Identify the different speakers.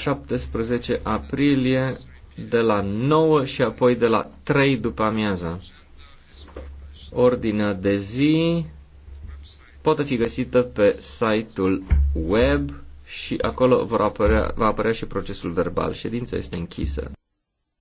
Speaker 1: 17 aprilie de la 9 și apoi de la 3 după amiaza. Ordinea de zi poate fi găsită pe site-ul web și acolo vor apărea, va apărea și procesul verbal. Ședința este închisă.